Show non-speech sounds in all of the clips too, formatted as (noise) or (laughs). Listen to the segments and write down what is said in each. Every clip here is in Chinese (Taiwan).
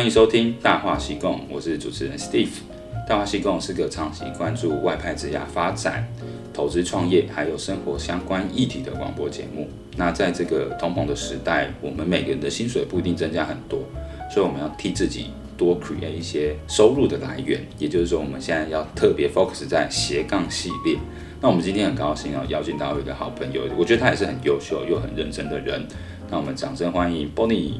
歡迎收聽大話西貢，我是主持人 Steve。大話西貢是個長期關注外派職涯發展、投資創業還有生活相關議題的廣播節目。那在這個通膨的時代，我們每個人的薪水不一定增加很多，所以我們要替自己多 create 一些收入的來源。也就是說，我們現在要特別 focus 在斜槓系列。那我們今天很高興啊、哦，邀請到一個好朋友，我覺得他也是很優秀又很認真的人。那我們掌聲歡迎 Bonny。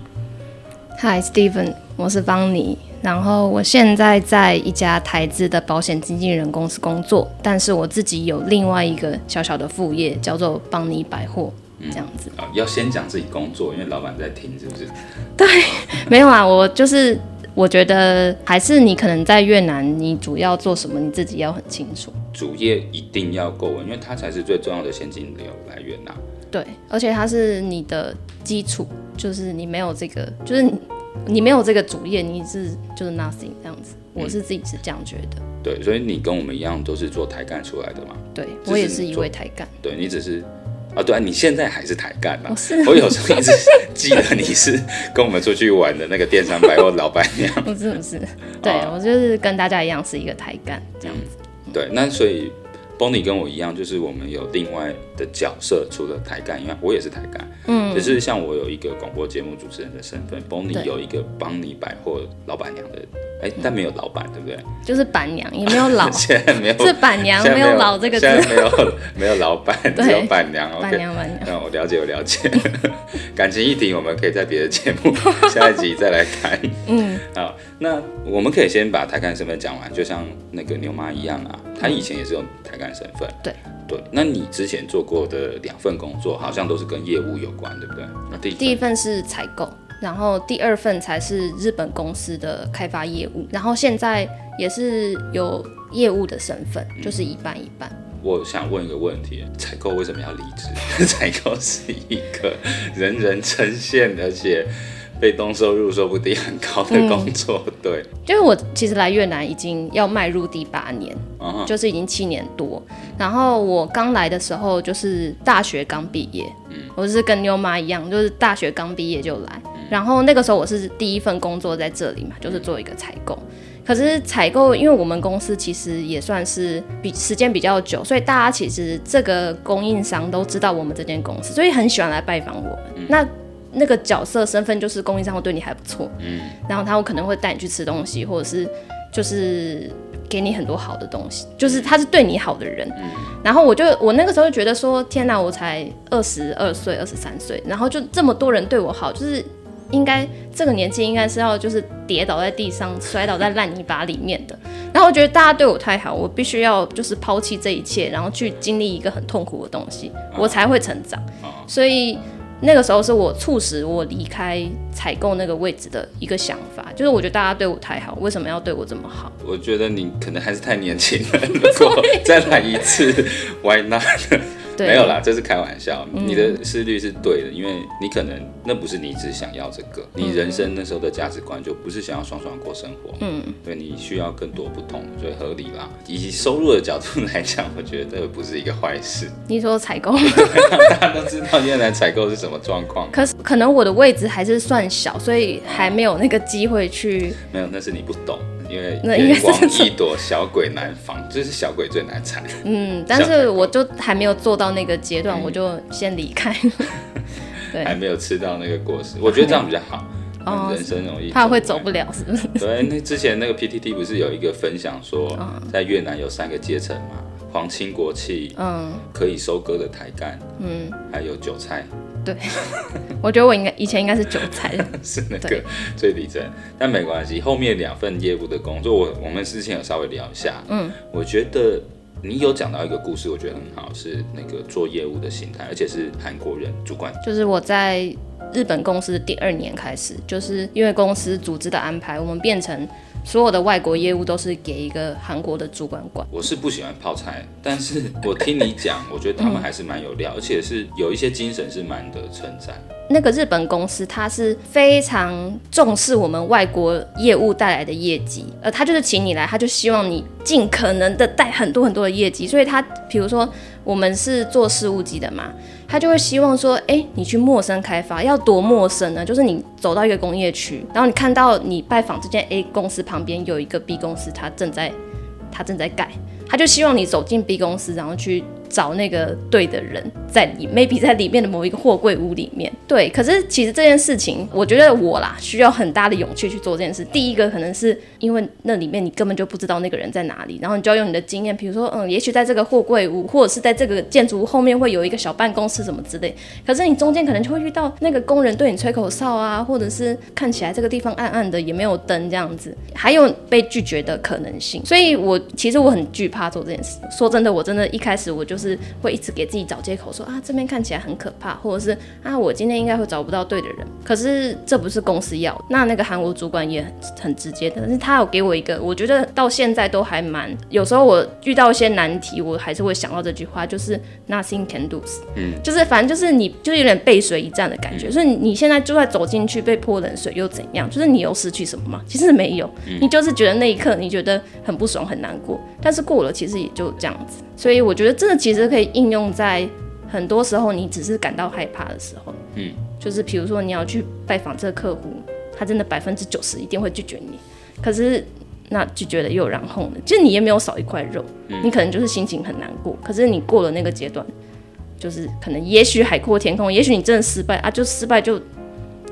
嗨 Stephen，我是邦尼。然後我現在在一家台資的保險經紀人公司工作，但是我自己有另外一個小小的副業，叫做邦尼百貨、嗯，這樣子。啊、哦，要先講自己工作，因為老闆在聽，是不是？ (laughs) 對，沒有啊，我就是我覺得還是你可能在越南，你主要做什麼，你自己要很清楚。主業一定要夠穩，因為它才是最重要的現金流來源吶。對，而且它是你的基礎，就是你沒有這個，就是你沒有這個主業，你是就是 nothing 這樣子、嗯。我是自己是這樣覺得。對，所以你跟我們一樣都是做台幹出來的嘛。對、就是，我也是一位台幹。對你只是啊，對啊，你現在還是台幹嘛？我是。我有時候一直記得你是跟我們出去玩的那個電商百貨老板娘。不是不是。對、啊、我就是跟大家一樣是一個台幹這樣子、嗯。對，那所以。Bonny 跟我一樣，就是我們有另外的角色，除了台幹，因為我也是台幹。嗯。只是像我有一個廣播節目主持人的身份，Bonny 有一個邦尼百貨老闆娘的，哎、欸，但沒有老闆、嗯，對不對？就是板娘，也沒有老。現在沒有，是板娘，沒有，沒有老這個現。現在沒有，沒有老闆， (laughs) 只有板娘。板、okay, 娘，板娘。那、嗯、我了解，我了解。 (laughs) 感情議題，我們可以在別的節目下一集再來看 (laughs) 嗯。好，那我們可以先把台幹身份講完，就像那個牛媽一樣啊，嗯、她以前也是用台幹身份。嗯、對。對，那你之前做過的兩份工作，好像都是跟業務有關，對不對？那第一第一份是採購，然後第二份才是日本公司的開發業務，然後現在也是有業務的身份，就是一半一半。嗯，我想問一個問題，採購為什麼要離職？採購是一個人人稱羨，而且。被動收入說不定很高的工作，嗯、對。就是我其實來越南已經要邁入第八年、哦，就是已經七年多。然後我剛來的時候就是大學剛畢業、嗯，我是跟妞媽一樣，就是大學剛畢業就來、嗯。然後那個時候我是第一份工作在這裡嘛，就是做一個採購、嗯。可是採購，因為我們公司其實也算是比時間比較久，所以大家其實這個供應商都知道我們這間公司，所以很喜歡來拜訪我、嗯、那。那個角色身份就是供應商會對你還不錯，嗯，然後他有可能會帶你去吃東西，或者是就是給你很多好的東西，嗯、就是他是對你好的人，嗯，然後我就我那個時候就覺得說，天哪，我才二十二歲、二十三歲，然後就這麼多人對我好，就是應該這個年紀應該是要就是跌倒在地上， (laughs) 摔倒在爛泥巴裡面的，然後我覺得大家對我太好，我必須要就是拋棄這一切，然後去經歷一個很痛苦的東西，我才會成長，哦、所以。那個時候是我促使我離開採購那個位置的一個想法，就是我覺得大家對我太好，為什麼要對我這麼好？我覺得你可能還是太年輕了，如果再來一次 (laughs) ，why not？沒有啦，這是開玩笑。你的思慮是對的，嗯，因為你可能那不是你只想要這個，你人生那時候的價值觀就不是想要爽爽過生活。嗯，對，你需要更多不同，所以合理啦。以收入的角度來講，我覺得這不是一個壞事。你說採購嗎？大家都知道現在採購是什麼狀況。 (laughs) 可是可能我的位置還是算小，所以還沒有那個機會去，嗯嗯。沒有，那是你不懂。因為閻王易躲小鬼難防，就是小鬼最難纏。嗯，但是我就還沒有做到那個階段，嗯、我就先離開了。對、嗯、還沒有吃到那個果實，我覺得這樣比較好，哦、人生容易怕會走不了，是不是？對，那之前那個 PTT 不是有一個分享說，哦、在越南有三個階層嘛，皇親國戚，嗯，可以收割的台幹，嗯，還有韭菜。對，我覺得我應該以前應該是韭菜， (laughs) 是那個最底層，但沒關係。後面兩份業務的工作，我我們之前有稍微聊一下。嗯，我覺得你有講到一個故事，我覺得很好，是那個做業務的心態，而且是韓國人主管。就是我在日本公司第二年開始，就是因為公司組織的安排，我們變成，所有的外國業務都是給一個韓國的主管管。我是不喜歡泡菜，但是我聽你講， (laughs) 我覺得他們還是蠻有料，而且是有一些精神是蠻得稱讚。那個日本公司，他是非常重視我們外國業務帶來的業績，呃，他就是請你來，他就希望你儘可能的帶很多很多的業績，所以他比如說。我們是做事務機的嘛，他就會希望說，欸，你去陌生開發要多陌生呢？就是你走到一個工業區，然後你看到你拜訪這間 A 公司，旁邊有一個 B 公司，他正在，他正在蓋，他就希望你走進 B 公司，然後去。找那個對的人，在裡 maybe 在裡面的某一個貨櫃屋裡面。對，可是其實這件事情，我覺得我啦需要很大的勇氣去做這件事。第一個可能是因為那裡面你根本就不知道那個人在哪裡，然後你就要用你的經驗，比如說嗯，也許在這個貨櫃屋或者是在這個建築物後面會有一個小辦公室什麼之類。可是你中間可能就會遇到那個工人對你吹口哨啊，或者是看起來這個地方暗暗的也沒有燈這樣子，還有被拒絕的可能性。所以我，我其實我很懼怕做這件事。說真的，我真的一開始我就是。是會一直給自己找借口，說啊，這邊看起來很可怕，或者是啊，我今天應該會找不到對的人。可是這不是公司要那，那個韓國主管也很很直接的，但是他有給我一個我覺得到現在都還蠻。有時候我遇到一些難題，我還是會想到這句話，就是 nothing can do 嗯，就是反正就是你就是有點背水一戰的感覺。所以你現在就算走進去被潑冷水又怎樣？就是你又失去什麼嗎？其實沒有，你就是覺得那一刻你覺得很不爽，很難過，但是過了其實也就這樣子。所以我覺得真的。其實可以應用在很多時候，你只是感到害怕的時候。嗯，就是比如說你要去拜訪這個客戶，他真的百分之九十一定會拒絕你。可是那拒絕了又然後呢？就你也沒有少一塊肉，你可能就是心情很難過。嗯，可是你過了那個階段，就是可能也許海闊天空，也許你真的失敗啊，就失敗就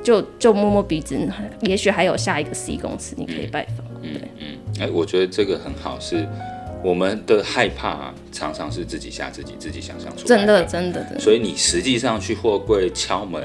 就就摸摸鼻子，也許還有下一個 C 公司你可以拜訪。嗯，對，嗯，哎，嗯，欸，我覺得這個很好是。我們的害怕常常是自己嚇自己，自己想象出來的，真的。真的，真的。所以你實際上去貨櫃敲門，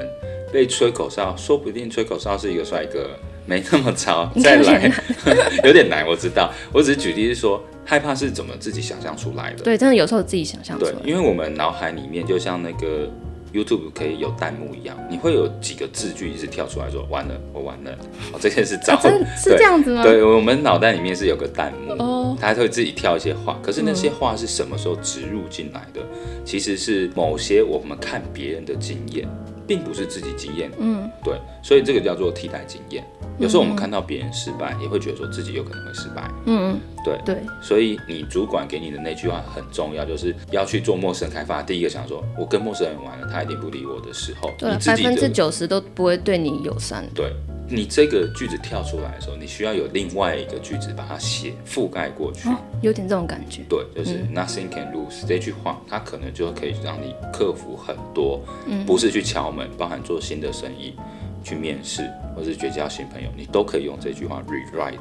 被吹口哨，說不定吹口哨是一個帥哥，沒那麼糟。再來， (laughs) 有點難，我知道。我只是舉例是說，害怕是怎麼自己想象出來的。對，真的有時候自己想象出來的。對，因為我們腦海裡面就像那個。YouTube 可以有彈幕一樣，你會有幾個字句一直跳出來說“完了，我完了”，哦、這些是早、啊、是這樣子嗎？對，對，我們腦袋裡面是有個彈幕，它、哦、會自己跳一些話，可是那些話是什麼時候植入進來的、嗯？其實是某些我們看別人的經驗。並不是自己經驗，嗯，對，所以這個叫做替代經驗。有時候我們看到別人失敗，也會覺得說自己有可能會失敗，嗯，對，對。所以你主管給你的那句話很重要，就是要去做陌生開發。第一個想說，我跟陌生人玩了，他一定不理我的時候，百分之九十都不會對你友善，對。你這個句子跳出來的時候，你需要有另外一個句子把它寫覆蓋過去。哦，有點這種感覺。對，就是 nothing can lose 這句話，它可能就可以讓你克服很多，不是去敲門，包含做新的生意、去面試或是結交新朋友，你都可以用這句話 rewrite。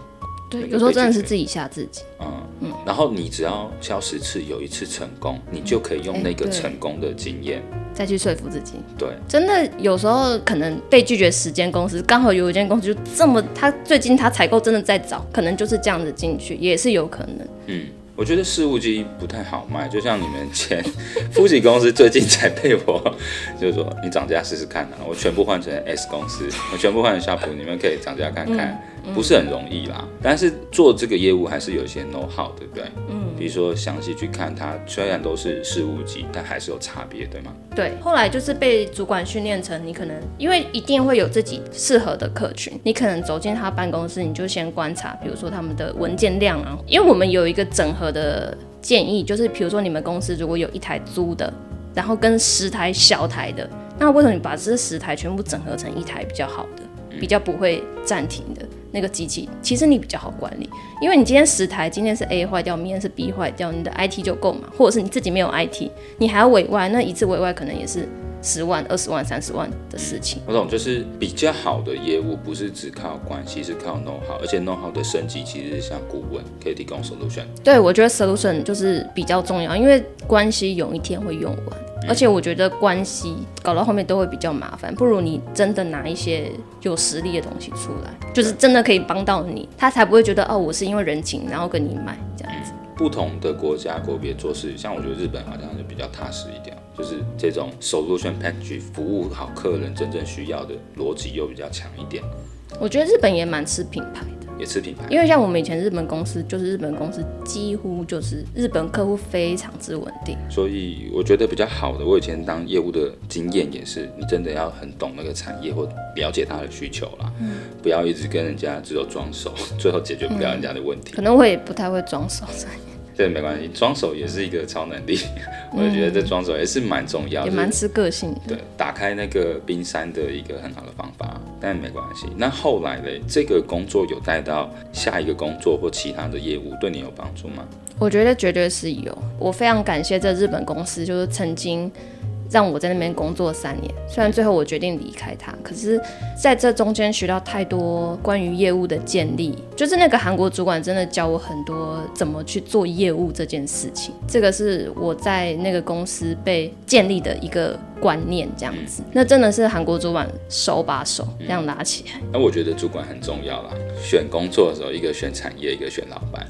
對有時候真的是自己嚇自己。嗯嗯，然後你只要敲十次，有一次成功、嗯，你就可以用那個成功的經驗、欸、再去說服自己。對，真的有時候可能被拒絕。十間公司剛好有一間公司就這麼，他最近他採購真的在找，可能就是這樣子進去也是有可能。嗯，我覺得事務機不太好賣，就像你們前夫妻公司最近才被我， (laughs) 就是說你漲價試試看啊，我全部換成 S 公司，我全部換成夏普 (laughs) 你們可以漲價看看。嗯不是很容易啦，嗯，但是做這個業務還是有一些 know how，對不對？嗯，比如說詳細去看它，雖然都是事務機，但還是有差別，對嗎？對。後來就是被主管訓練成，你可能因為一定會有自己適合的客群，你可能走進他辦公室，你就先觀察，比如說他們的文件量啊，因為我們有一個整合的建議，就是比如說你們公司如果有一台租的，然後跟十台小台的，那為什麼你把這十台全部整合成一台比較好的，比較不會暫停的？那個機器其實你比較好管理，因為你今天十台，今天是 A 壞掉，明天是 B 壞掉，你的 IT 就夠嘛？或者是你自己沒有 IT，你還要委外，那一次委外可能也是十萬、二十萬、三十萬的事情。嗯，我懂，就是比較好的業務不是只靠關係，是靠 know how，而且 know how 的升級其實是像顧問可以提供 solution。對，我覺得 solution 就是比較重要，因為關係有一天會用完。而且我覺得關係搞到後面都會比較麻煩，不如你真的拿一些有實力的東西出來，就是真的可以幫到你，他才不會覺得哦，我是因為人情然後跟你買這樣子，嗯。不同的國家國別做事，像我覺得日本好像就比較踏實一點，就是這種 solution package，服務好客人真正需要的邏輯又比較強一點。我覺得日本也蠻吃品牌的。因為像我們以前日本公司，就是日本公司幾乎就是日本客戶非常之穩定，所以我覺得比較好的，我以前當業務的經驗也是，你真的要很懂那個產業或了解他的需求啦。嗯，不要一直跟人家只有裝熟，最後解決不了人家的問題。嗯，可能我也不太會裝熟。對，沒關係，裝手也是一個超能力。嗯、我也覺得這裝手也是蠻重要的，嗯，也蠻吃個性的。對，打開那個冰山的一個很好的方法。但沒關係。那後來嘞，這個工作有帶到下一個工作或其他的業務，對你有幫助嗎？我覺得絕對是有。我非常感謝這日本公司，就是曾經。讓我在那邊工作三年，雖然最後我決定離開他，可是在這中間學到太多關於業務的建立，就是那個韓國主管真的教我很多怎麼去做業務這件事情，這個是我在那個公司被建立的一個觀念，這樣子，那真的是韓國主管手把手這樣拉起來，嗯。那我覺得主管很重要啦，選工作的時候，一個選產業，一個選老闆。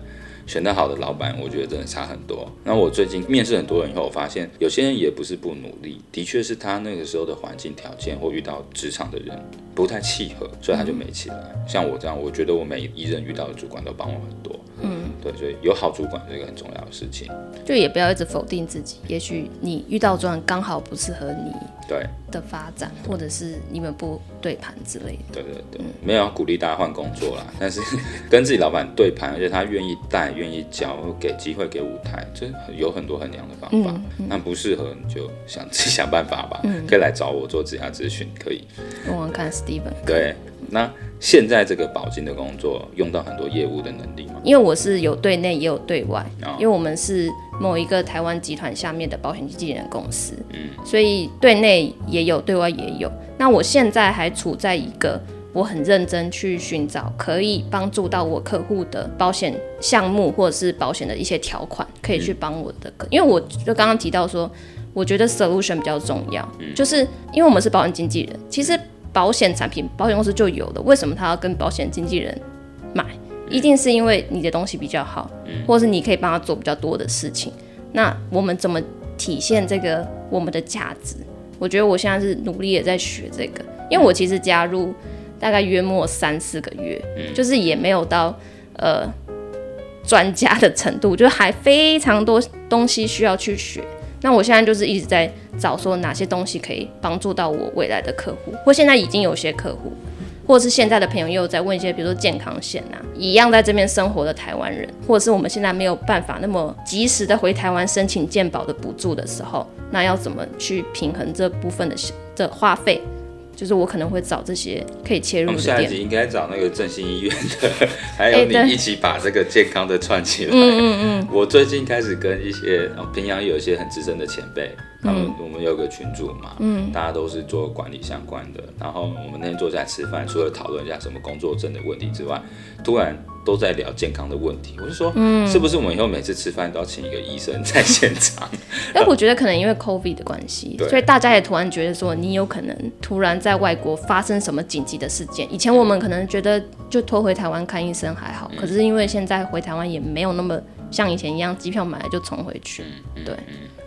選得好的老板，我覺得真的差很多。那我最近面試很多人以後，我發現有些人也不是不努力，的確是他那個時候的環境條件或遇到職場的人不太契合，所以他就沒起來。嗯。像我這樣，我覺得我每一任遇到的主管都幫我很多。嗯。對，所以有好主管是一個很重要的事情，就也不要一直否定自己。也許你遇到這樣剛好不適合你對的發展，或者是你們不對盤之類的。對對對，嗯、沒有要鼓勵大家換工作啦， (laughs) 但是跟自己老板對盤，而且他願意帶、願意教、給機會、給舞台，這有很多很良的方法。嗯嗯、那不適合你就想自己想辦法吧，嗯、可以來找我做自家諮詢，可以。問問看 Steven 對。對、嗯，那。現在這個保經的工作用到很多業務的能力嗎？因為我是有對內也有對外。哦，因為我們是某一個台灣集團下面的保險經紀人公司，嗯，所以對內也有，對外也有。那我現在還處在一個我很認真去尋找可以幫助到我客戶的保險項目，或者是保險的一些條款，可以去幫我的客。嗯。因為我就剛剛提到說，我覺得 solution 比較重要，嗯、就是因為我們是保險經紀人，其實。保險產品，保險公司就有了。為什麼他要跟保險經紀人買？一定是因為你的東西比較好，或是你可以幫他做比較多的事情。那我們怎麼體現這個我們的價值？我覺得我現在是努力也在學這個，因為我其實加入大概約莫三四個月、嗯，就是也沒有到呃專家的程度，就還非常多東西需要去學。那我現在就是一直在找說哪些東西可以幫助到我未來的客戶，或現在已經有些客戶，或者是現在的朋友又在問一些，比如說健康險吶啊，一樣在這邊生活的台灣人，或者是我們現在沒有辦法那麼及時的回台灣申請健保的補助的時候，那要怎麼去平衡這部分的這花費？就是我可能會找這些可以切入的點。我們下一集應該找那個振興醫院的， (laughs) 還有你一起把這個健康的串起來。嗯嗯嗯。我最近開始跟一些平陽有一些很資深的前輩。他們我們有個群組嘛，嗯，大家都是做管理相關的。然後我們那天坐下吃飯，除了討論一下什麼工作證的問題之外，突然都在聊健康的問題。我就說，嗯，是不是我們以後每次吃飯都要請一個醫生在現場？ (laughs) 我覺得可能因為 COVID 的關係，所以大家也突然覺得說，你有可能突然在外國發生什麼緊急的事件。以前我們可能覺得就拖回台灣看醫生還好，嗯，可是因為現在回台灣也沒有那麼像以前一樣，機票買了就衝回去，嗯、對。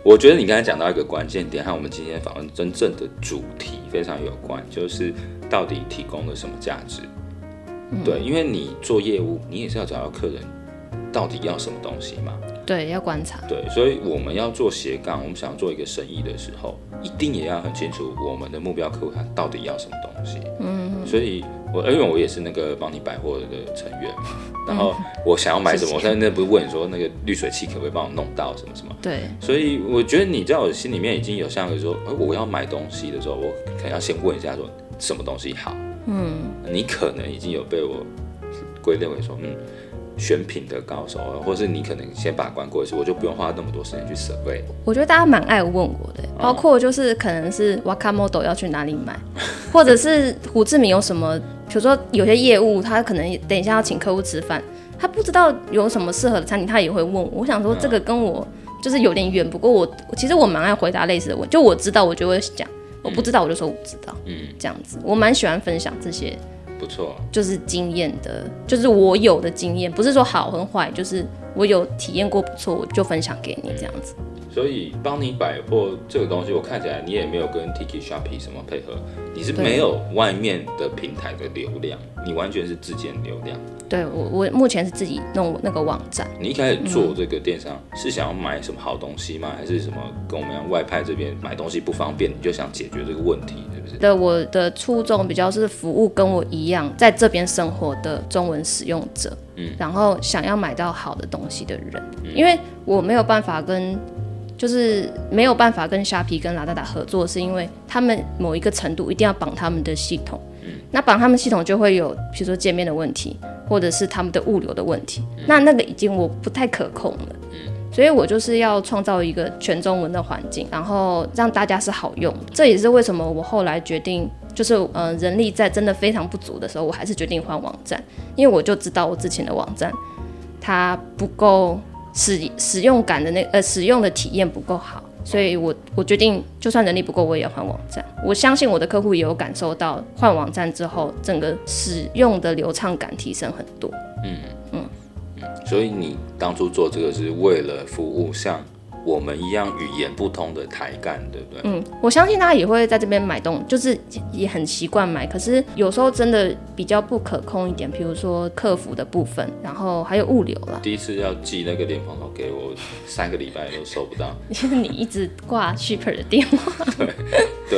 我覺得你剛才講到一個關鍵點，和我們今天訪問真正的主題非常有關，就是到底提供了什麼價值。嗯。對，因為你做業務，你也是要找到客人到底要什麼東西嘛。對，要觀察。對，所以我們要做斜槓，我們想要做一個生意的時候，一定也要很清楚我們的目標客戶他到底要什麼東西。嗯。所以。我，因為我也是那個邦尼百貨的成員，然後我想要買什麼，嗯、我剛那不是問你說那個濾水器可不可以幫我弄到什麼什麼？對，所以我覺得你在我心裡面已經有像說，哎，我要買東西的時候，我可能要先問一下說什麼東西好。嗯，你可能已經有被我歸類為說，嗯，選品的高手，或者是你可能先把關過去，我就不用花那麼多時間去審備。我覺得大家蠻愛問我的，包括就是可能是 Wakamoto 要去哪裡買，或者是胡志明有什麼。 (laughs) 比如說，有些業務他可能等一下要請客戶吃飯，他不知道有什麼適合的餐廳，他也會問我。我想說，這個跟我就是有點遠，嗯，不過我其實我蠻愛回答類似的問就我知道，我就會講；我不知道，我就說不知道。嗯，這樣子，我蠻喜歡分享這些，不錯，就是經驗的，就是我有的經驗，不是說好和壞，就是我有體驗過不錯，我就分享給你這樣子。嗯所以邦尼百貨這個東西，我看起來你也沒有跟 Tiki Shopee 什麼配合，你是沒有外面的平台的流量，你完全是自建流量的。對我，我目前是自己弄那個網站。你一開始做這個電商、嗯、是想要買什麼好東西嗎？還是什麼？跟我們外派這邊買東西不方便，你就想解決這個問題，對不對？對，我的初衷比較是服務跟我一樣在這邊生活的中文使用者，嗯，然後想要買到好的東西的人，嗯、因為我沒有辦法跟。就是沒有辦法跟蝦皮跟拉達達合作，是因為他們某一個程度一定要綁他們的系統，那綁他們系統就會有，比如說界面的問題，或者是他們的物流的問題，那那個已經我不太可控了，所以我就是要創造一個全中文的環境，然後讓大家是好用。這也是為什麼我後來決定，就是嗯、呃、人力在真的非常不足的時候，我還是決定換網站，因為我就知道我之前的網站它不夠。使使用感的那呃使用的體驗不夠好，所以我我決定，就算能力不夠我也要換網站。我相信我的客戶也有感受到換網站之後整個使用的流暢感提升很多。嗯嗯，所以你當初做這個是為了服務像，我們一樣語言不通的台幹，對不對？嗯，我相信大家也會在這邊買東西，就是也很習慣買。可是有時候真的比較不可控一點，比如說客服的部分，然後還有物流了。第一次要寄那個電風扇給我，三個禮拜都收不到。就 (laughs) 是你一直掛 shipper 的電話。對，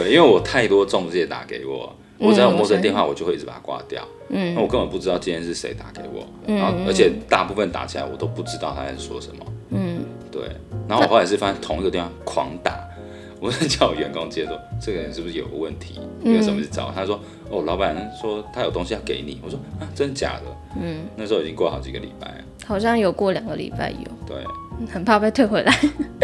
對，因為我太多中介打給我，我只要有陌生電話我就會一直把它掛掉。嗯，那、嗯、我根本不知道今天是誰打給我，嗯然後，而且大部分打起來我都不知道他在說什麼，嗯。嗯對，然後我後來是發現同一個地方狂打，我是叫我員工，接受，這個人是不是有問題？有、嗯、什麼事找他說？說哦，老闆說他有東西要給你。我說啊，真的假的？嗯，那時候已經過好幾個禮拜了，好像有過兩個禮拜有。對，很怕被退回來。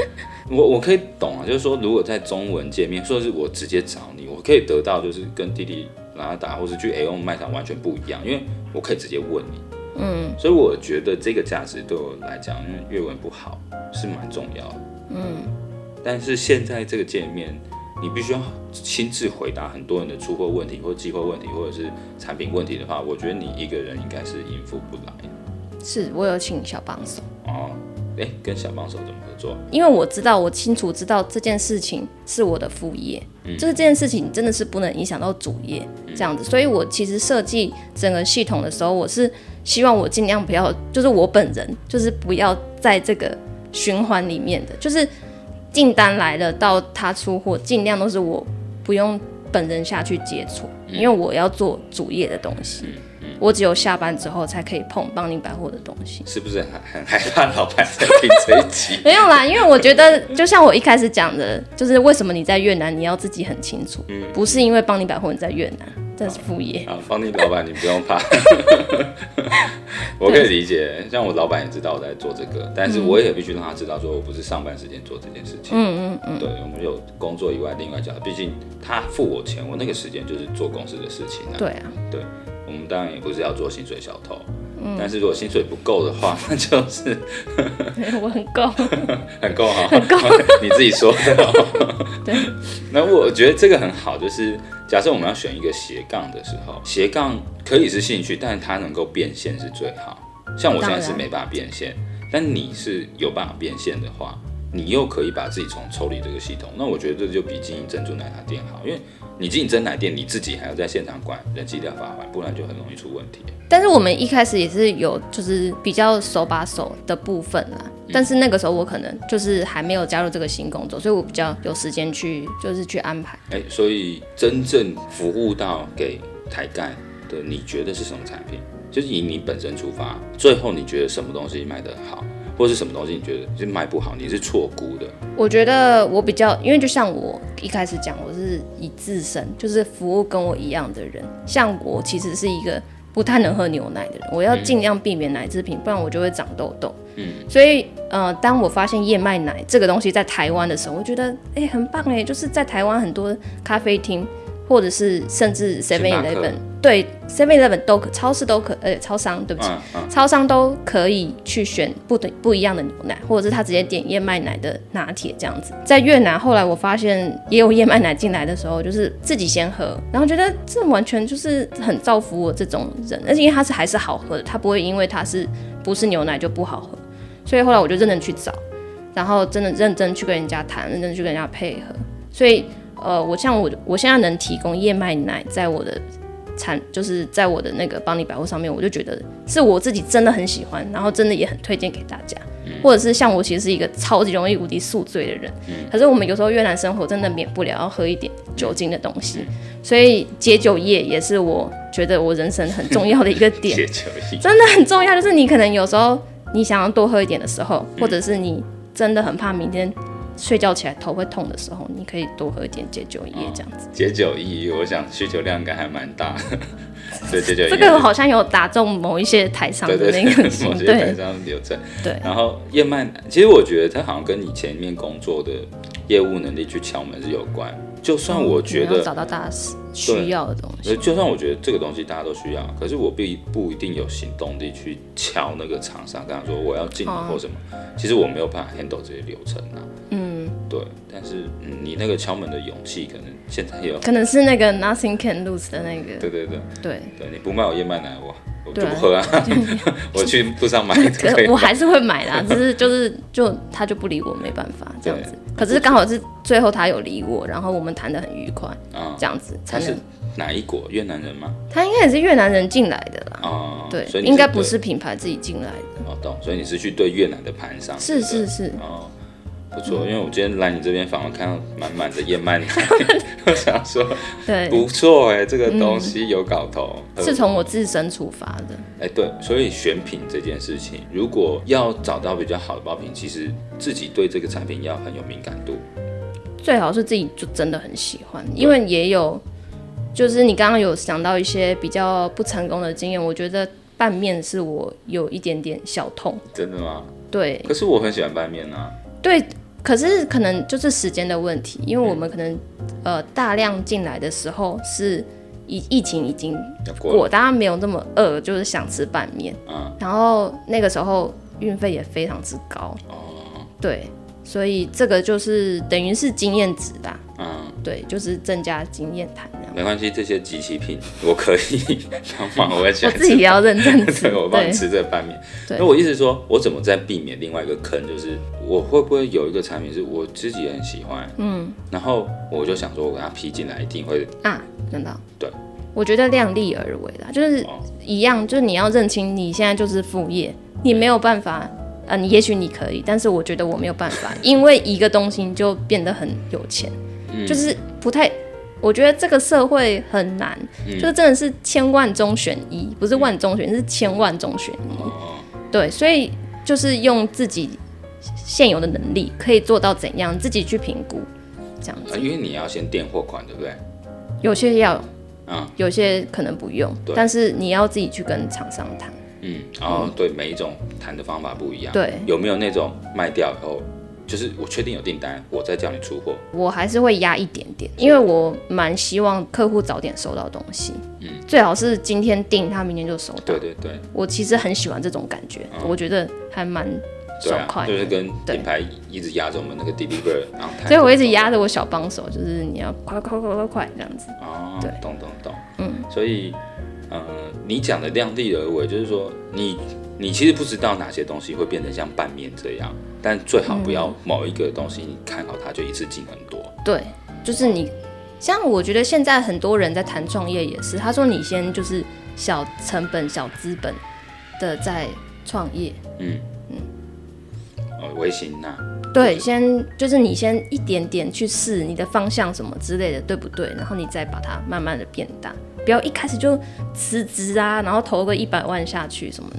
(laughs) 我我可以懂啊，就是說如果在中文界面，說是我直接找你，我可以得到就是跟弟弟拿他打，或是去 AEON 賣場完全不一樣，因為我可以直接問你。嗯，所以我覺得這個價值對我來講，因為越文不好是蠻重要的嗯。嗯，但是現在這個界面，你必須要親自回答很多人的出貨問題，或寄貨問題，或者是產品問題的話，我覺得你一個人應該是應付不來。是，我有請小幫手。哦。哎、欸，跟小幫手怎麼合作？因為我知道，我清楚知道這件事情是我的副業，嗯、就是這件事情真的是不能影響到主業、嗯、這樣子。所以我其實設計整個系統的時候，我是希望我盡量不要，就是我本人就是不要在這個循環裡面的，就是訂單來了到他出貨，盡量都是我不用本人下去接觸，因為我要做主業的東西。嗯我只有下班之後才可以碰邦尼百貨的東西，是不是很害怕老闆在聽這一集？ (laughs) 沒有啦，因為我覺得就像我一開始講的，就是為什麼你在越南你要自己很清楚，嗯，不是因為邦尼百貨你在越南，這是副業。啊，邦尼老闆你不用怕， (laughs) 我可以理解，像我老闆也知道我在做這個，但是我也必須讓他知道，說我不是上班時間做這件事情。嗯嗯嗯，對我們有工作以外另外講，畢竟他付我錢，我那個時間就是做公司的事情啊。對啊，對。我、嗯、們當然也不是要做薪水小偷，嗯，但是如果薪水不夠的話，那就是、嗯、呵呵我很夠，呵呵很夠很夠，你自己說的好。 (laughs) 對，那我覺得這個很好，就是假設我們要選一個斜槓的時候，斜槓可以是興趣，但是它能夠變現是最好。像我現在是沒辦法變現，但你是有辦法變現的話，你又可以把自己從抽離這個系統，那我覺得這就比經營珍珠奶茶店好，因為。你進真奶店，你自己還要在現場管人機料法環，不然就很容易出問題。但是我們一開始也是有，就是比較手把手的部分啦，嗯。但是那個時候我可能就是還沒有加入這個新工作，所以我比較有時間去，就是去安排。哎、欸，所以真正服務到給台幹的，你覺得是什麼產品？就是以你本身出發，最後你覺得什麼東西賣得好？或者是什麼東西？你覺得你賣不好？你是錯估的。我覺得我比較，因為就像我一開始講，我是以自身就是服務跟我一樣的人。像我其實是一個不太能喝牛奶的人，我要儘量避免奶製品，嗯，不然我就會長痘痘。嗯。所以，呃，當我發現燕麥奶這個東西在台灣的時候，我覺得，欸，很棒誒，欸，就是在台灣很多咖啡廳。或者是甚至 seven eleven 對，seven eleven 都可超市都可，呃、欸，超商對不起、啊啊，超商都可以去選不等不一樣的牛奶，或者是他直接點燕麥奶的拿鐵這樣子。在越南，後來我發現也有燕麥奶進來的時候，就是自己先喝，然後覺得這完全就是很造福我這種人，而且因為它是還是好喝的，它不會因為它是不是牛奶就不好喝。所以後來我就認真去找，然後真的認真去跟人家談，認真去跟人家配合，所以。呃，我像我我現在能提供燕麥奶，在我的產就是在我的那個邦尼百貨上面，我就覺得是我自己真的很喜歡，然後真的也很推薦給大家，嗯。或者是像我其實是一個超級容易無敵宿醉的人，嗯，可是我們有時候越南生活真的免不了要喝一點酒精的東西，嗯，所以解酒液也是我覺得我人生很重要的一個點， (laughs) 真的很重要。就是你可能有時候你想要多喝一點的時候，或者是你真的很怕明天。睡覺起來頭會痛的時候，你可以多喝一點解酒液這樣子。哦、解酒液，我想需求量應該還蠻大。 (laughs) (laughs) 對解酒液，這個好像有打中某一些台商的那個。對，對對，某些台商的流程對，然後燕麥，其實我覺得它好像跟你前面工作的業務能力去敲門是有關。就算我覺得我找到大家需要的東西，就算我覺得這個東西大家都需要，可是我並不一定有行動力去敲那個廠商，跟他說我要進或什麼，啊，其實我沒有辦法 handle 這些流程啊。嗯。對，但是你那個敲門的勇氣，可能現在有，可能是那個 Nothing can lose 的那個。對對對，對對，對，你不賣我燕麥奶我，我就不喝啊。啊 (laughs) (laughs) 我去路上買。可我還是會買的，只 (laughs) 是就是就他就不理我，沒辦法這樣子。可是剛好是最後他有理我，然後我們談得很愉快，嗯、這樣子才。他是哪一國越南人嗎？他應該也是越南人進來的啦。哦、嗯，對，所以應該不是品牌自己進來的。哦，懂。所以你是去對越南的盤商？是是是。哦。嗯不錯，因為我今天來你這邊，訪問，看到滿滿的燕麥 (laughs) 他們的笑我想說，對，不錯哎、欸，這個東西有搞頭、嗯。是從我自身出發的。哎、欸，對，所以選品這件事情，如果要找到比較好的爆品，其實自己對這個產品要很有敏感度，最好是自己就真的很喜歡，因為也有，就是你剛剛有想到一些比較不成功的經驗，我覺得拌麵是我有一點點小痛。真的嗎？對。可是我很喜歡拌麵啊。對。可是可能就是時間的問題，因為我們可能、嗯、呃大量進來的時候是疫疫情已經過，大家沒有那麼餓，就是想吃拌麵、嗯，然後那個時候運費也非常之高、嗯，對，所以這個就是等於是經驗值吧。嗯，對，就是增加經驗談沒關係，這些即期品我可以我會 (laughs) 我自己要認真吃， (laughs) 我幫你吃這拌麵。那我意思是說，我怎麼在避免另外一個坑，就是我會不會有一個產品是我自己很喜歡？嗯，然後我就想說，我給他批進來，一定會啊，真的。對，我覺得量力而為啦，就是一樣，就是你要認清你現在就是副業，你沒有辦法。嗯、呃，你也許你可以，但是我覺得我沒有辦法， (laughs) 因為一個東西就變得很有錢。嗯、就是不太，我覺得這個社會很難、嗯，就是真的是千萬中選一，不是萬中選，是千萬中選一。一、嗯。對，所以就是用自己現有的能力可以做到怎樣，自己去評估，這樣子。因為你要先墊貨款，對不對？有些要，嗯、有些可能不用，但是你要自己去跟廠商談。嗯，哦然後，對，對，每一種談的方法不一樣。對，有沒有那種賣掉以後？就是我確定有訂單，我再叫你出貨。我還是會壓一點點，因為我蠻希望客戶早點收到東西。嗯，最好是今天訂，他明天就收到。嗯。對對對。我其實很喜歡這種感覺，嗯、我覺得還蠻爽快啊。就是跟品牌一直壓着我們那個 delivery，所以我一直壓着我小幫手，嗯、就是你要快快，快快快快快這樣子。哦，對，懂懂懂。嗯。所以，嗯，你講的量力而為，就是說你。你其實不知道哪些東西會變成像拌麵這樣，但最好不要某一個東西你看好它就一次進很多。嗯。對，就是你，像我覺得現在很多人在談創業也是，他說你先就是小成本、小資本的在創業。嗯嗯。哦，微型的。對，先就是你先一點點去試你的方向什麼之類的，對不對？然後你再把它慢慢的變大。不要一開始就辭職啊，然後投個一百萬下去什麼，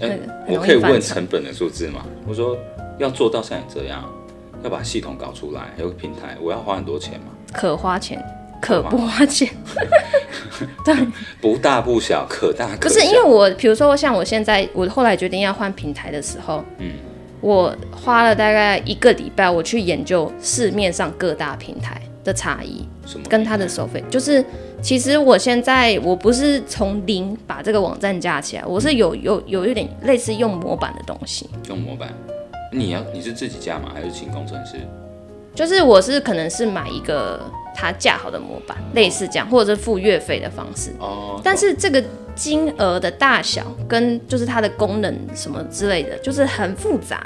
欸？那我可以問成本的數字嗎？我說要做到像你這樣，要把系統搞出來，還有個平台，我要花很多錢嗎？可花錢，可不花錢？ (laughs) 對， (laughs) 不大不小，可大可小。不是因為我，比如說，像我現在，我後來決定要換平台的時候，嗯，我花了大概一個禮拜，我去研究市面上各大平台。的差異，什麼？跟他的收費就是，其實我現在我不是從零把這個網站架起來，我是有有有一點類似用模板的東西。用模板，你要你是自己架嗎？還是請工程師？就是我是可能是買一個他架好的模板，哦、類似這樣，或者是付月費的方式。哦。但是這個金額的大小跟就是它的功能什麼之類的，就是很複雜。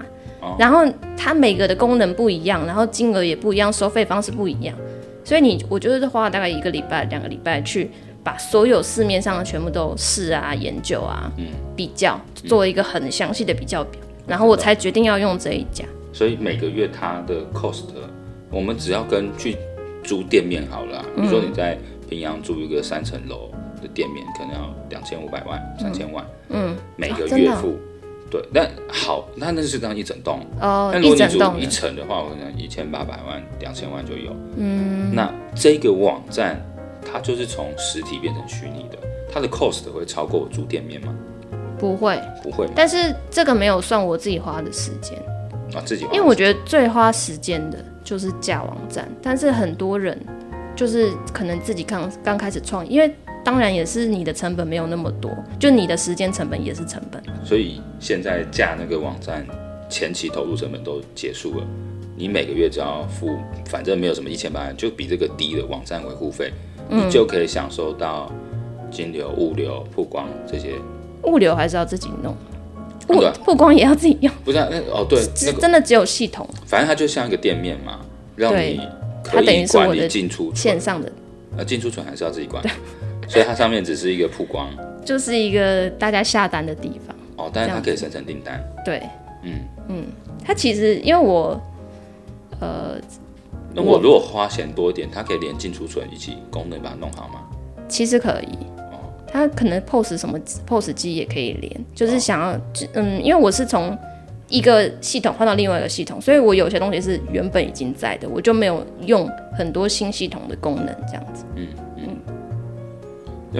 哦、然後它每個的功能不一樣，然後金額也不一樣，收費方式不一樣。所以你，我就是花了大概一個禮拜、兩個禮拜去把所有市面上的全部都試啊、研究啊、嗯、比較，做一個很詳細的比較表、嗯，然後我才決定要用這一家。所以每個月它的 cost、嗯、我們只要跟去租店面好了。比如說你在平陽租一個三層樓的店面，嗯、可能要兩千五百萬、三千萬嗯，嗯，每個月付。啊對，但好，那那是當一整棟哦，那、oh, 如果你租一層的話，我想一千八百萬、兩千萬就有。嗯，那這個網站它就是從實體變成虛擬的，它的 cost 會超過我租店面嗎？不會，不會。但是這個沒有算我自己花的時間啊，自己花的時間。因為我覺得最花時間的就是架網站，但是很多人就是可能自己剛剛開始創，因為。當然也是你的成本沒有那麼多，就你的時間成本也是成本。所以現在架那個網站，前期投入成本都結束了，你每個月只要付，反正沒有什麼一千八，就比這個低的網站維護費，你就可以享受到金流、物流、曝光這些。物流還是要自己弄，物、啊、曝光也要自己用。不是、啊、那個、哦，對，那個、真的只有系統。反正它就像一個店面嘛，讓你可以管理進出。線上的。呃、啊，進出存還是要自己管。所以它上面只是一個曝光，就是一個大家下單的地方。哦，但是它可以生成訂單。對，嗯嗯，它其實因為我，呃，那我，我如果花錢多一點，它可以連進儲存以及功能把它弄好嗎？其實可以。哦，它可能 POS 什麼 POS 機也可以連，就是想要，嗯，因為我是從一個系統換到另外一個系統，所以我有些東西是原本已經在的,我就沒有用很多新系統的功能這樣子。嗯。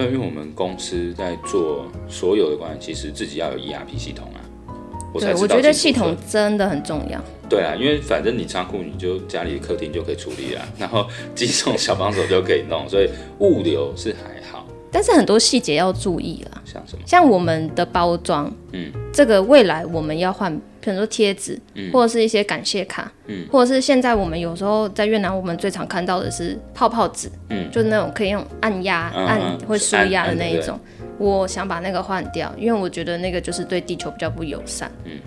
因為我們公司在做所有的管理，其實自己要有 ERP 系統啊，我才，對，我覺得系統真的很重要。對啊，因為反正你倉庫，你就家裡客廳就可以處理了啊，然後機種小幫手就可以弄， (laughs) 所以物流是還好，但是很多細節要注意了。像什麼？像我們的包裝，嗯，這個未來我們要換。很多貼紙，或者是一些感謝卡、嗯，或者是現在我們有時候在越南，我們最常看到的是泡泡紙，嗯，就是那種可以用按壓、嗯、按會舒壓的那一種。我想把那個換掉、嗯，因為我覺得那個就是對地球比較不友善。嗯，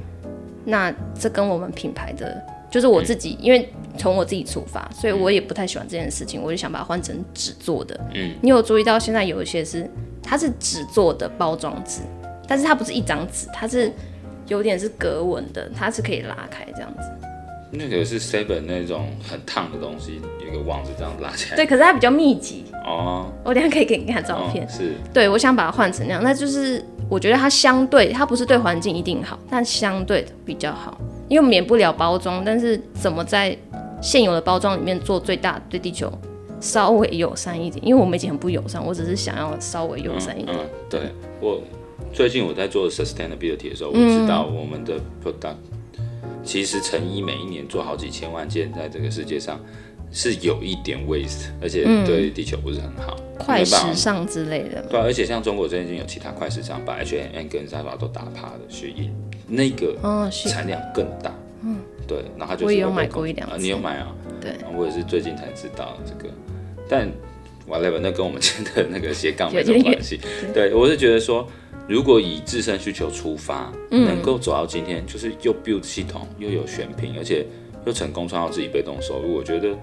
那這跟我們品牌的，就是我自己，嗯、因為從我自己出發，所以我也不太喜歡這件事情，我就想把它換成紙做的。嗯，你有注意到現在有一些是它是紙做的包裝紙，但是它不是一張紙，它是。有點是格紋的，它是可以拉開這樣子。那個是 Seven 那種很燙的東西，有一個網子這樣拉起來。對，可是它比較密集哦。Oh, 我等一下可以給你看照片。Oh, 是。對，我想把它換成那樣。那就是我覺得它相對，它不是對環境一定好，但相對的比較好，因為免不了包裝，但是怎麼在現有的包裝裡面做最大對地球稍微友善一點？因為我們已經很不友善，我只是想要稍微友善一點。嗯嗯、對我。最近我在做 sustainability 的時候，我知道我們的 product，嗯、其實成衣每一年做好幾千萬件，在這個世界上是有一點 waste，嗯、而且對地球不是很好。快時尚之類的，對，而且像中國最近有其他快時尚，嗯有快時尚嗯、把 H&M 跟 ZARA，嗯、都打趴的 SHEIN，所以那個產量更大。嗯，對，然後就是、嗯、我有買過一兩次。你有買啊？對，對我也是最近才知道這個，但 whatever，那跟我們真的那個斜槓沒什麼關係。 (laughs) 對，我是覺得說。如果以自身需求出發，嗯、能夠走到今天，就是又 build 系統，又有選品，而且又成功創造自己被動收入。我覺得，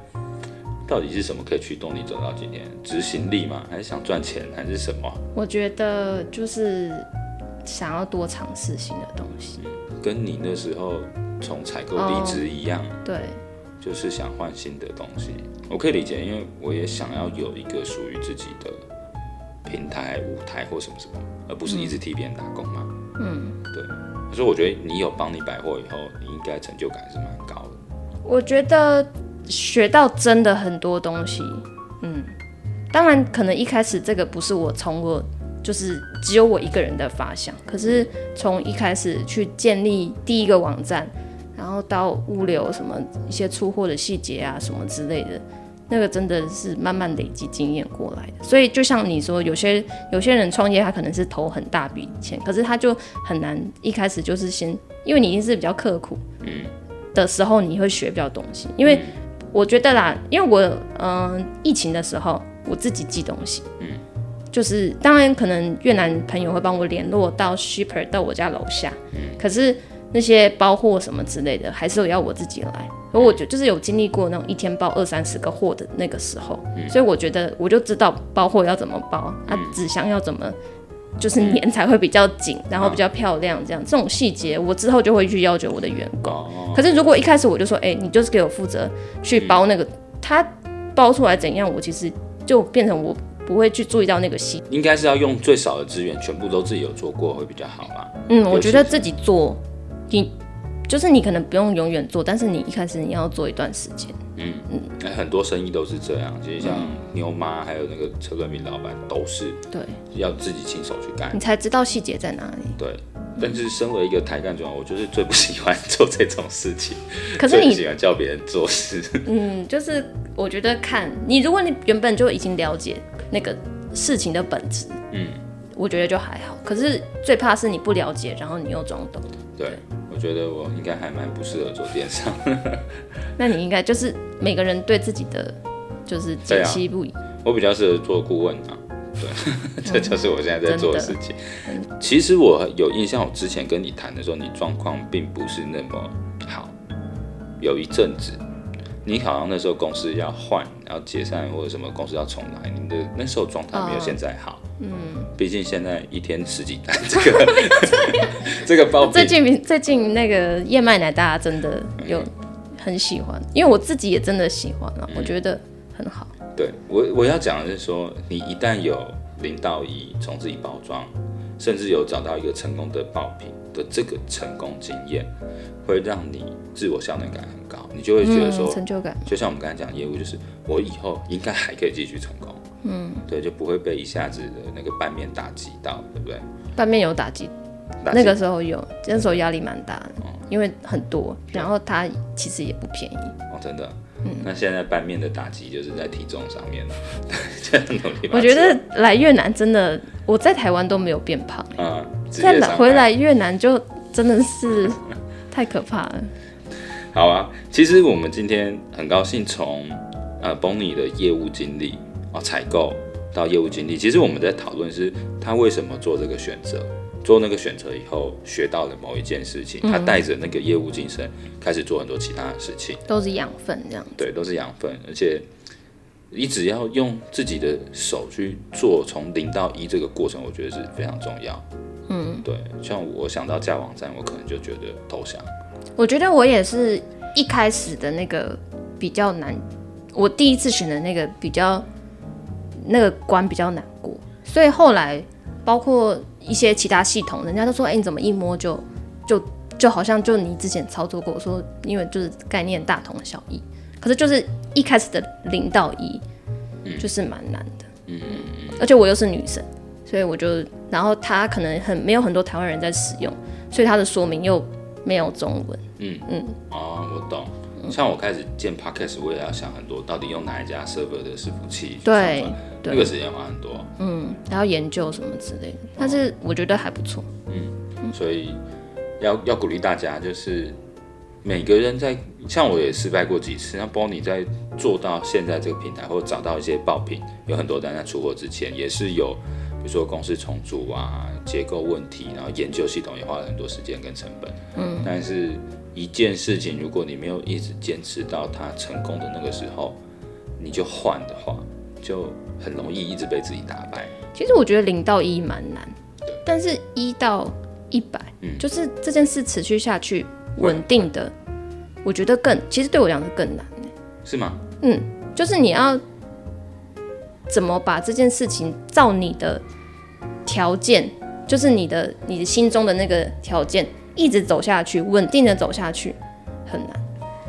到底是什麼可以驅動你走到今天？執行力嗎？還是想賺錢，還是什麼？我覺得就是想要多嘗試新的東西、嗯，跟你那時候從採購離職一樣、哦。對，就是想換新的東西。我可以理解，因為我也想要有一個屬於自己的。平台、舞台或什麼什麼，而不是一直替別人打工嘛，嗯。嗯，對。所以我覺得你有幫你百貨以後，你應該成就感是蠻高的。我覺得學到真的很多東西。嗯，當然可能一開始這個不是我從我就是只有我一個人的發想，可是從一開始去建立第一個網站，然後到物流什麼一些出貨的細節啊什麼之類的。那個真的是慢慢累積經驗過來的，所以就像你說，有些有些人創業他可能是投很大筆錢，可是他就很難一開始就是先，因為你已經是比較刻苦，嗯，的時候你會學比較東西，因為我覺得啦，因為我嗯、呃、疫情的時候我自己寄東西，嗯，就是當然可能越南朋友會幫我聯絡到 shipper 到我家樓下，嗯，可是那些包貨什麼之類的還是我要我自己來。而我就就是有經歷過那種一天包二三十個貨的那個時候、嗯，所以我覺得我就知道包貨要怎麼包，嗯、啊紙箱要怎麼，就是粘才會比較緊、嗯，然後比較漂亮這樣，這種細節我之後就會去要求我的員工。哦哦可是如果一開始我就說，哎、欸，你就是給我負責去包那個、嗯，他包出來怎樣，我其實就變成我不會去注意到那個細節。應該是要用最少的資源，全部都自己有做過會比較好嘛。嗯，我覺得自己做，你。就是你可能不用永遠做，但是你一開始你要做一段時間。嗯嗯、欸，很多生意都是這樣，其實像牛媽、嗯、還有那個車輪餅老板都是對，要自己親手去幹，你才知道細節在哪裡。對，但、嗯、是身，身為一個台幹專員，我就是最不喜歡做這種事情。可是你不喜歡叫別人做事。嗯，就是我覺得看你，如果你原本就已經了解那個事情的本質，嗯，我覺得就還好。可是最怕是你不了解，然後你又裝懂。對。對我覺得我應該還蠻不適合做電商。 (laughs) 那你應該就是每個人對自己的就是周期不一樣，啊，我比較適合做顧問啊，對， (laughs) 這就是我現在在做的事情。其實我有印象，我之前跟你談的時候，你狀況並不是那麼好，有一陣子。你好像那時候公司要換，要解散或者什麼，公司要重來，你的那時候狀態沒有現在好，哦。嗯，畢竟現在一天十幾單，這個 (laughs) 這 (laughs) 這個包。最近最近那個燕麥奶大家真的有很喜歡，嗯，因為我自己也真的喜歡啊，嗯，我覺得很好。對我我要講的是說，你一旦有零到一從自己包裝，甚至有找到一個成功的爆品。這個成功經驗會讓你自我效能感很高，你就會覺得說，嗯、成就感，就像我們剛才講的業務，就是我以後應該還可以繼續成功，嗯，對，就不會被一下子的那個拌麵打擊到，對不對？拌麵有打擊，那個時候有，那時候壓力蠻大的、嗯，因為很多，然後它其實也不便宜，哦，真的，嗯，那現在拌麵的打擊就是在體重上面，對， (laughs) 努力。我覺得來越南真的，我在台灣都沒有變胖、欸，嗯。再回來越南就真的是太可怕了。 (laughs) 好啊，其實我們今天很高興從呃 Bonny 的業務經歷啊採購到業務經理，其實我們在討論是他為什麼做這個選擇，做那個選擇以後學到了某一件事情，嗯、他帶着那個業務精神開始做很多其他的事情，都是養分這樣子。對，都是養分，而且你只要用自己的手去做從零到一這個過程，我覺得是非常重要。嗯，對，像我想到架網站，我可能就覺得投降。我覺得我也是一開始的那個比較難，我第一次選的那個比較那個關比較難過，所以後來包括一些其他系統，人家都說，哎，你怎麼一摸就就就好像就你之前操作過，說因為就是概念大同小異，可是就是一開始的零到一，嗯，就是蠻難的，嗯，嗯嗯嗯，而且我又是女生。所以我就，然後他可能很沒有很多台灣人在使用，所以他的說明又沒有中文。嗯嗯，哦，我懂。像我開始建 Podcast，我也要想很多，到底用哪一家 server 的伺服器對？對，那個時間花很多。嗯，然後研究什麼之類的。但是我覺得還不錯。哦、嗯，嗯，所以要要鼓勵大家，就是每個人在像我也失敗過幾次，像 Bonny 在做到現在這個平台，或者找到一些爆品，有很多人在，在出貨之前也是有。比如說公司重組啊，結構問題，然後研究系統也花了很多時間跟成本。嗯，但是一件事情，如果你沒有一直堅持到它成功的那個時候，你就換的話，就很容易一直被自己打敗。其實我覺得零到一蠻難，對，但是一到一百，嗯，就是這件事持續下去，穩定的、嗯，我覺得更，其實對我來講是更難、欸，是嗎？嗯，就是你要。怎麼把這件事情照你的條件，就是你的你的心中的那個條件一直走下去，穩定的走下去，很難。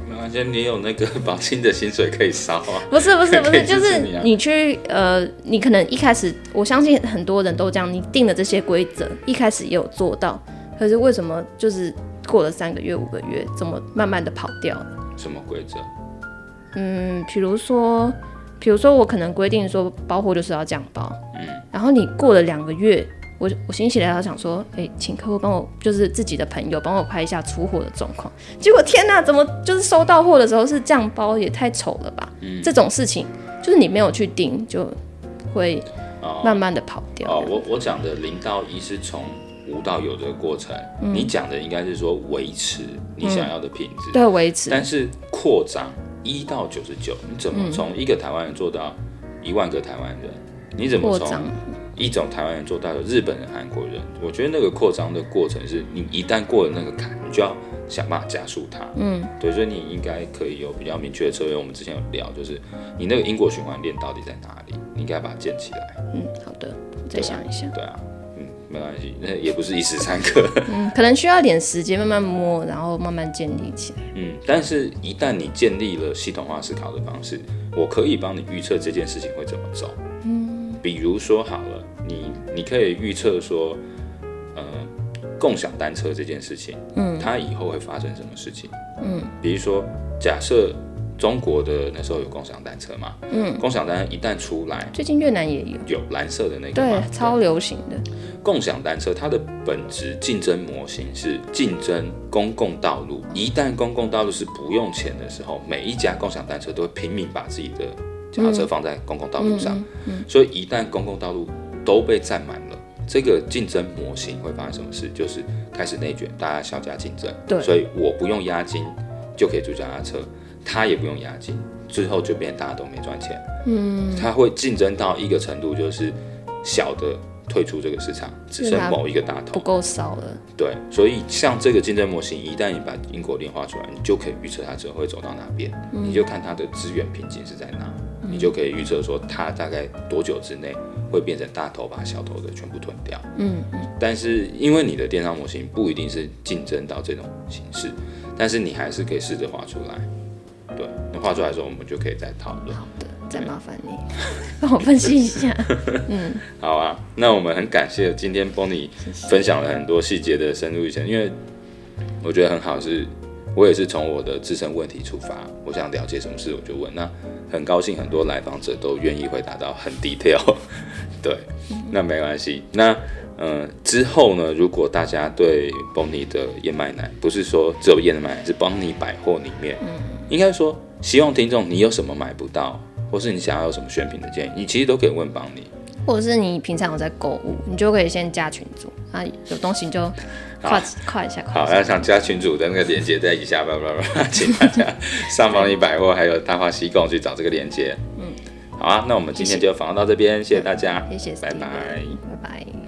那而且你有那個保金的薪水可以燒啊。 (laughs) 不是不是不是， (laughs) 啊，就是你去呃，你可能一開始我相信很多人都這樣，你定了這些規則，一開始也有做到，可是為什麼就是過了三個月五個月，怎麼慢慢的跑掉？什麼規則？嗯，比如說。比如說，我可能規定說包貨就是要這樣包，嗯，然後你過了兩個月，我我想起來，想說，哎、欸，請客戶幫我，就是自己的朋友幫我拍一下出貨的狀況。結果天哪、啊，怎麼就是收到貨的時候是這樣包，也太醜了吧，嗯。這種事情就是你沒有去盯，就會慢慢的跑掉。哦，哦，我我講的零到一是從無到有的過程，嗯、你講的應該是說維持你想要的品質。嗯，對，維持，但是擴張。到 99, 一到九十九，你怎麼從一個台灣人做到一萬個台灣人？你怎麼從一種台灣人做到日本人、韓國人？我覺得那個擴張的過程是你一旦過了那個坎，你就要想辦法加速它。嗯，對，所以你應該可以有比較明確的策略。我們之前有聊，就是你那個因果循環鏈到底在哪裡？你應該把它建起來。嗯，好的，你再想一下。對，對啊。沒關係，那也不是一時三刻，嗯，可能需要點時間慢慢摸，然後慢慢建立起來，嗯，但是，一旦你建立了系統化思考的方式，我可以幫你預測這件事情會怎麼走，嗯，比如說好了，你你可以預測說，呃，共享單車這件事情，嗯，它以後會發生什麼事情，嗯，比如說，假設中國的那時候有共享單車嘛，嗯，共享單車一旦出來，最近越南也有，有藍色的那個的，對，超流行的。共享單車它的本質競爭模型是競爭公共道路，一旦公共道路是不用錢的時候，每一家共享單車都會拼命把自己的腳踏車放在公共道路上，所以一旦公共道路都被占滿了，這個競爭模型會發生什麼事？就是開始內卷，大家削價競爭。對，所以我不用押金就可以租腳踏車，他也不用押金，最後就變大家都沒賺錢。嗯，他會競爭到一個程度，就是小的。退出這個市場，只剩某一個大頭不夠少了。對，所以像這個競爭模型，一旦你把因果鏈畫出來，你就可以預測它之後會走到哪邊、嗯。你就看它的資源瓶頸是在哪、嗯，你就可以預測說它大概多久之內會變成大頭，把小頭的全部吞掉。嗯嗯。但是因為你的電商模型不一定是競爭到這種形式，但是你還是可以試着畫出來。對，你畫出來的時候，我們就可以再討論。好的。再麻煩你幫我分析一下，嗯， (laughs) 好啊，那我們很感謝今天 Bonny 分享了很多細節的深入一層，因為我覺得很好是，是我也是從我的自身問題出發，我想了解什麼事我就問，那很高興很多來訪者都願意回答到很 detail，對，那沒關係，那嗯、呃、之後呢，如果大家對 Bonny 的燕麥奶不是說只有燕麥奶是 Bonny 百貨裡面，嗯，應該說希望聽眾你有什麼買不到。或是你想要有什麼選品的建議，你其實都可以問邦尼。或者是你平常有在購物，你就可以先加群主，啊，有東西你就誇跨 (laughs) 一下。好，要、啊、想加群主的那個鏈接在以下拜拜叭， (laughs) 請大家上邦尼百貨還有大話西貢去找這個鏈接。嗯，好啊，那我們今天就訪談到這邊，嗯、謝、謝、謝謝大家，謝謝拜拜，拜拜，拜拜。